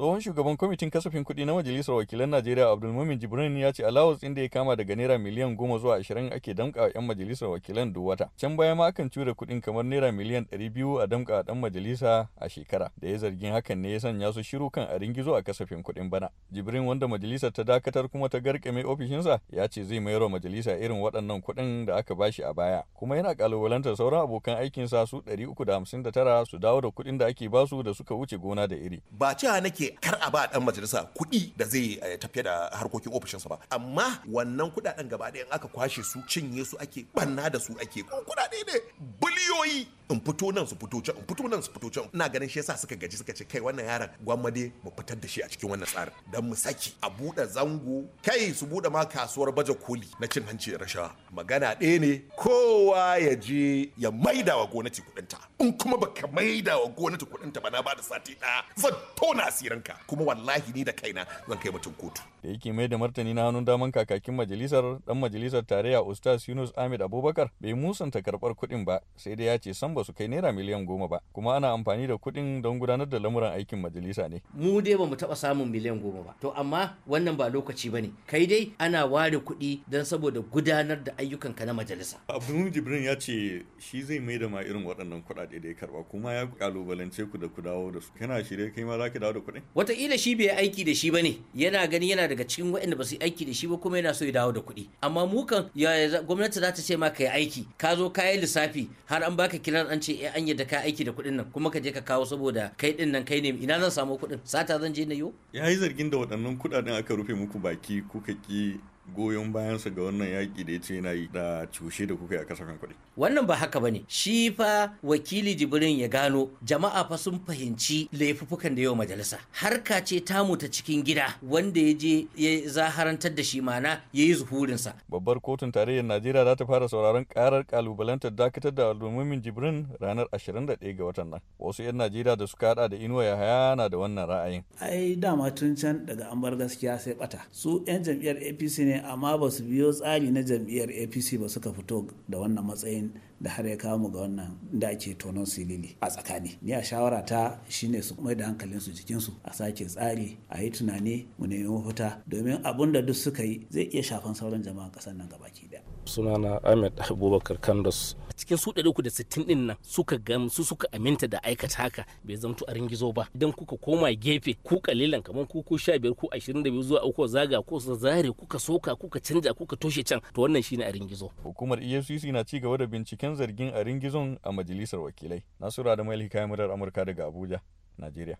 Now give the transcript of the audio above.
tsohon shugaban kwamitin kasafin kuɗi na majalisar wakilan najeriya abdulmumin jibrin ya ce allowance inda ya kama daga naira miliyan goma zuwa ashirin ake damƙa wa 'yan majalisar wakilan duk wata can baya ma akan cure kuɗin kamar naira miliyan ɗari biyu a damƙa wa ɗan majalisa a shekara da ya zargin hakan ne ya sanya su shiru kan a ringizo a kasafin kuɗin bana jibrin wanda majalisa ta dakatar kuma ta garkame ofishinsa ya ce zai mayar wa majalisa irin waɗannan kuɗin da aka bashi a baya kuma yana ƙalubalantar sauran abokan aikinsa su ɗari uku da hamsin da tara su dawo da kuɗin da ake basu da suka wuce gona da iri ba cewa nake kar a ba dan majalisa kuɗi da zai eh, tafiya da harkokin ofishinsa ba amma wannan kuɗaɗen gaba ɗaya aka kwashe su cinye su ake banna da su ake kuɗaɗe ne in fito nan su fito can in fito nan su fito can ina ganin shi yasa suka gaji suka ce kai wannan yaran gwamnati mu fitar da shi a cikin wannan tsarin dan mu saki a buɗe zango kai su buɗe ma kasuwar baje koli na cin hanci da rashawa magana ɗaya ne kowa ya je ya maida wa gwamnati kuɗinta in kuma baka maida wa gwamnati kuɗinta ba na ba da sati ɗaya zan tona ka kuma wallahi ni da kaina zan kai mutum kotu da yake mai da martani na hannun daman kakakin majalisar dan majalisar tarayya ustaz yunus ahmed abubakar bai musanta karbar kuɗin ba sai dai ya ce san ba su kai naira miliyan goma ba kuma ana amfani da kuɗin don gudanar da lamuran aikin majalisa ne mu dai ba mu taɓa samun miliyan goma ba to amma wannan ba lokaci ba ne kai dai ana ware kuɗi don saboda gudanar da ayyukan ka na majalisa abdulmumin jibrin ya ce shi zai mai da ma irin waɗannan kuɗaɗe da ya karɓa kuma ya kalubalance ku da ku dawo da su kana shirye kai ma za ki dawo da kuɗin wataƙila shi bai aiki da shi ba ne yana gani yana daga cikin waɗanda ba su aiki da shi ba kuma yana so ya dawo da kuɗi amma mu kan gwamnati za ta ce ma ka yi aiki ka zo ka lissafi har an baka kiran an ce eh an yadda ka aiki da kuɗin nan kuma ka je ka kawo saboda kai din nan kai ne ina zan samu kuɗin sata zan je na yo yi zargin da waɗannan kuɗaɗen aka rufe muku baki kuka ki goyon bayansa ga wannan yaƙi da ya yana yi da cushe da kuka yi a kasafin kuɗi. Wannan ba haka bane shi fa wakili jibrin ya gano jama'a fa sun fahimci laifuffukan da yau majalisa harka ce ta ta cikin gida wanda ya je ya zaharantar da shi mana ya yi zuhurinsa. Babbar kotun tarayyar Najeriya za ta fara sauraron karar kalubalantar dakatar da al'ummomin jibrin ranar 21 ga watan nan. Wasu 'yan Najeriya da suka hada da inuwa ya haya na da wannan ra'ayin. Ai dama tun can daga an bar gaskiya sai bata. Su 'yan jam'iyyar APC ne amma ba su biyo tsari na jam'iyyar apc ba suka fito da wannan matsayin da har ya kawo ga wannan da ake tonon silili a tsakani ni a shawara ta shine su mai da hankalin su cikin su a sake tsari a yi tunani mu nemi mafita domin abun da duk suka yi zai iya shafan sauran jama'a kasar nan gabaki daya sunana ahmed abubakar kandos cikin su 360 din nan suka gamsu suka aminta da aikata haka bai zamto a ringizo ba idan kuka koma gefe ku kalilan kamar ku ko 15 ko 22 zuwa uku zaga ko su zare kuka soka kuka canja kuka toshe can to wannan shine a ringizo hukumar EFCC na ci gaba da binciken zargin a ringizon a majalisar wakilai nasura da mai hikayar murar Amurka daga Abuja Najeriya